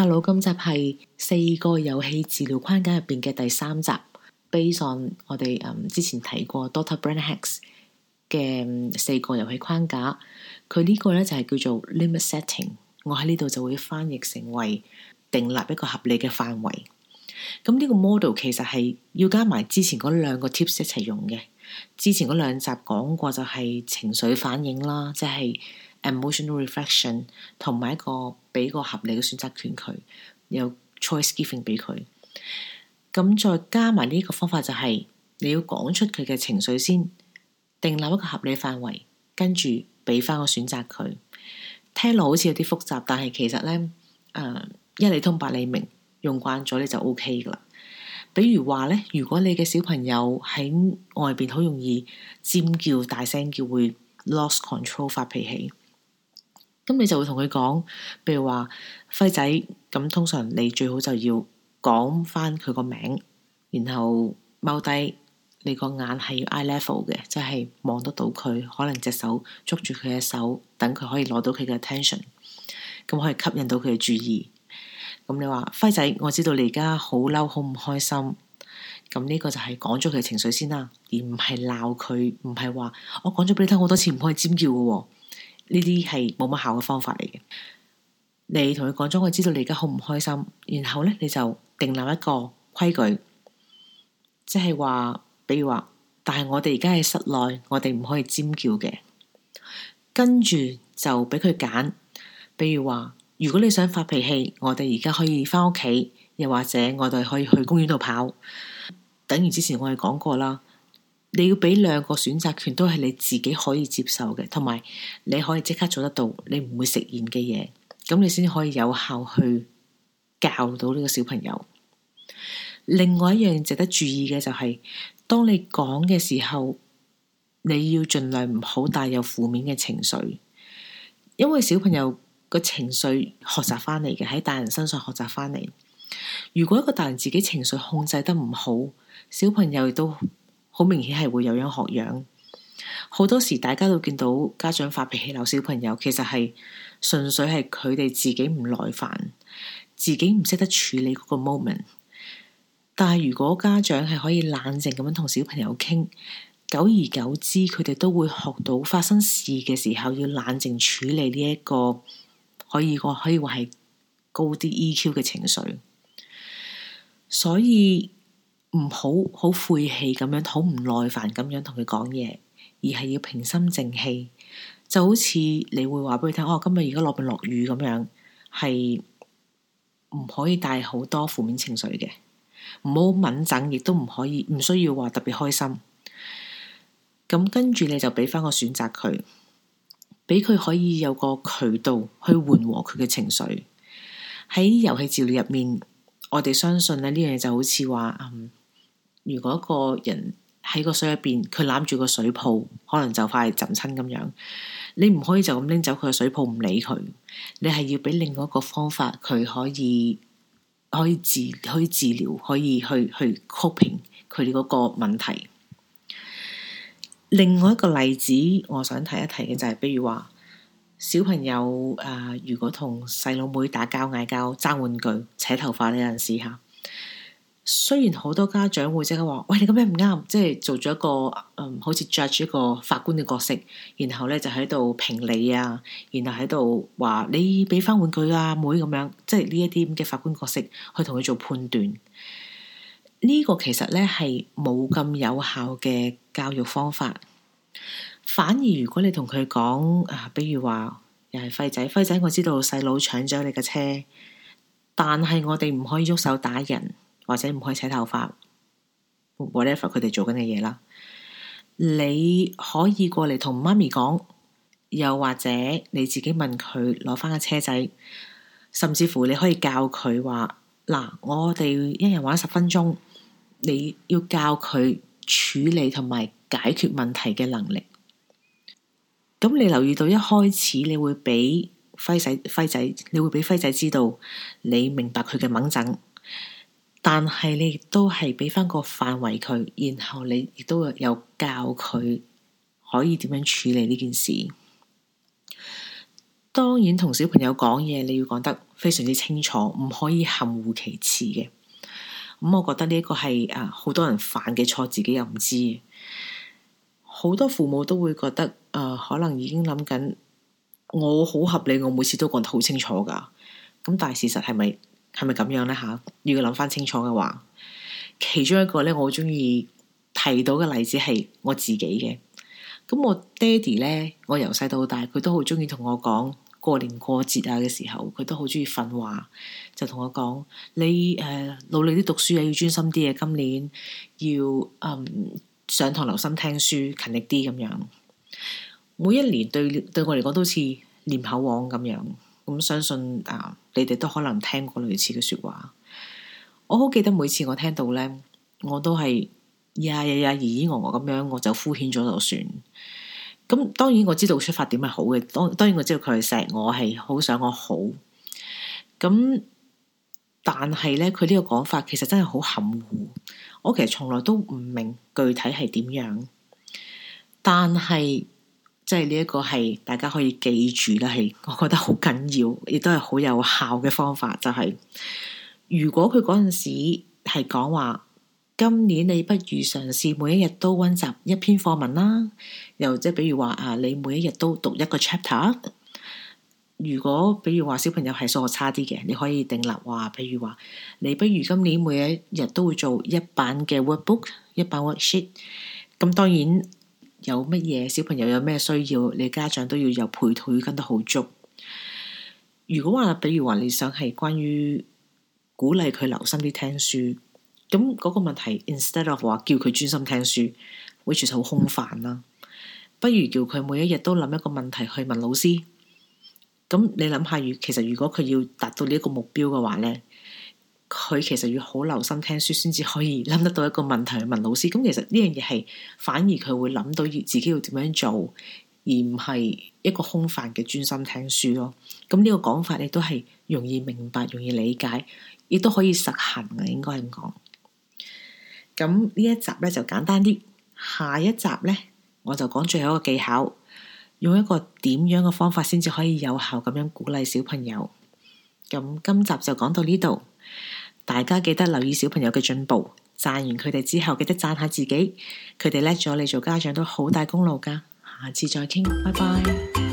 hello，今集係四個遊戲治療框架入邊嘅第三集，based on 我哋、嗯、之前睇過 Dr. o t Brennerx 嘅四個遊戲框架，佢呢個咧就係、是、叫做 limit setting，我喺呢度就會翻譯成為定立一個合理嘅範圍。咁呢個 model 其實係要加埋之前嗰兩個 tips 一齊用嘅，之前嗰兩集講過就係情緒反應啦，即、就、係、是、emotional reflection 同埋一個。俾個合理嘅選擇權佢，有 choice giving 俾佢。咁再加埋呢個方法就係、是，你要講出佢嘅情緒先，定立一個合理範圍，跟住俾翻個選擇佢。聽落好似有啲複雜，但係其實呢，誒、呃、一理通百理明，用慣咗你就 OK 噶啦。比如話呢，如果你嘅小朋友喺外邊好容易尖叫大聲叫，會 lost control 發脾氣。咁你就會同佢講，譬如話，輝仔，咁通常你最好就要講返佢個名，然後踎低，你個眼係要 eye level 嘅，即係望得到佢，可能隻手捉住佢嘅手，等佢可以攞到佢嘅 attention，咁可以吸引到佢嘅注意。咁你話，輝仔，我知道你而家好嬲，好唔開心。咁呢個就係講咗佢情緒先啦，而唔係鬧佢，唔係話我講咗俾你聽好多次唔可以尖叫嘅哦。呢啲係冇乜效嘅方法嚟嘅。你同佢講咗，我知道你而家好唔開心。然後咧，你就定立一個規矩，即係話，比如話，但係我哋而家喺室內，我哋唔可以尖叫嘅。跟住就畀佢揀，比如話，如果你想發脾氣，我哋而家可以返屋企，又或者我哋可以去公園度跑。等於之前我哋講過啦。你要俾兩個選擇權，都係你自己可以接受嘅，同埋你可以即刻做得到，你唔會食言嘅嘢，咁你先可以有效去教到呢個小朋友。另外一樣值得注意嘅就係，當你講嘅時候，你要盡量唔好帶有負面嘅情緒，因為小朋友個情緒學習翻嚟嘅，喺大人身上學習翻嚟。如果一個大人自己情緒控制得唔好，小朋友亦都。好明顯係會有樣學樣，好多時大家都見到家長發脾氣鬧小朋友，其實係純粹係佢哋自己唔耐煩，自己唔識得處理嗰個 moment。但係如果家長係可以冷靜咁樣同小朋友傾，久而久之佢哋都會學到發生事嘅時候要冷靜處理呢、這、一個可以個可以話係高啲 EQ 嘅情緒，所以。唔好好晦氣咁樣，好唔耐煩咁樣同佢講嘢，而係要平心靜氣，就好似你會話俾佢聽，我、哦、今日而家落唔落雨咁樣，係唔可以帶好多負面情緒嘅，唔好敏感，亦都唔可以唔需要話特別開心。咁跟住你就俾翻個選擇佢，俾佢可以有個渠道去緩和佢嘅情緒。喺遊戲治療入面，我哋相信咧呢樣嘢就好似話如果一個人喺個水入邊，佢攬住個水泡，可能就快浸親咁樣。你唔可以就咁拎走佢個水泡唔理佢，你係要俾另外一個方法，佢可以可以治、可以治療，可以去去 coping 佢哋嗰個問題。另外一個例子，我想提一提嘅就係、是，比如話小朋友誒、呃，如果同細佬妹打交、嗌交爭玩具扯頭髮時，呢，有陣時。雖然好多家長會即刻話：喂，你咁樣唔啱，即係做咗一個、嗯、好似着住一個法官嘅角色，然後呢就喺度評理啊，然後喺度話你俾翻玩具啊，妹咁樣，即係呢一啲咁嘅法官角色去同佢做判斷。呢、這個其實呢係冇咁有效嘅教育方法。反而如果你同佢講啊，比如話又係輝仔，輝仔我知道細佬搶咗你嘅車，但係我哋唔可以喐手打人。或者唔可以扯頭髮，whatever 佢哋做緊嘅嘢啦。你可以過嚟同媽咪講，又或者你自己問佢攞翻個車仔，甚至乎你可以教佢話：嗱，我哋一人玩十分鐘。你要教佢處理同埋解決問題嘅能力。咁你留意到一開始你會俾輝仔輝仔，你會俾輝仔知道你明白佢嘅掹掙。但係你亦都係俾翻個範圍佢，然後你亦都有教佢可以點樣處理呢件事。當然同小朋友講嘢，你要講得非常之清楚，唔可以含糊其辭嘅。咁、嗯、我覺得呢一個係啊，好多人犯嘅錯，自己又唔知。好多父母都會覺得，誒、呃，可能已經諗緊，我好合理，我每次都講得好清楚㗎。咁但係事實係咪？係咪咁樣呢？吓？如果諗翻清楚嘅話，其中一個咧我好中意提到嘅例子係我自己嘅。咁我爹哋咧，我由細到大佢都好中意同我講，過年過節啊嘅時候，佢都好中意訓話，就同我講：你誒、呃、努力啲讀書啊，要專心啲啊，今年要上堂、呃、留心聽書，勤力啲咁樣。每一年對對我嚟講都好似念口簧咁樣。咁、嗯、相信啊。呃你哋都可能聽過類似嘅說話，我好記得每次我聽到呢，我都係呀呀呀，咦咦我我咁樣，我就敷衍咗就算。咁當然我知道出發點係好嘅，當當然我知道佢係錫我，係好想我好。咁但係呢，佢呢個講法其實真係好含糊，我其實從來都唔明具體係點樣，但係。即係呢一個係大家可以記住啦，係我覺得好緊要，亦都係好有效嘅方法。就係、是、如果佢嗰陣時係講話，今年你不如嘗試每一日都溫習一篇課文啦。又即係比如話啊，你每一日都讀一個 chapter。如果比如話小朋友係數學差啲嘅，你可以定立話，比如話你不如今年每一日都會做一版嘅 workbook，一版 worksheet。咁當然。有乜嘢小朋友有咩需要，你家長都要有配套跟得好足。如果話，比如話你想係關於鼓勵佢留心啲聽書，咁嗰個問題，instead of 話叫佢專心聽書，which is 好空泛啦、啊。嗯、不如叫佢每一日都諗一個問題去問老師。咁你諗下，如其實如果佢要達到呢一個目標嘅話呢。佢其實要好留心聽書，先至可以諗得到一個問題去問老師。咁其實呢樣嘢係反而佢會諗到自己要點樣做，而唔係一個空泛嘅專心聽書咯。咁、這、呢個講法你都係容易明白、容易理解，亦都可以實行啊。應該係咁講。咁呢一集呢就簡單啲，下一集呢，我就講最後一個技巧，用一個點樣嘅方法先至可以有效咁樣鼓勵小朋友。咁今集就講到呢度。大家記得留意小朋友嘅進步，讚完佢哋之後，記得讚下自己。佢哋叻咗，你做家長都好大功勞㗎。下次再傾，拜拜。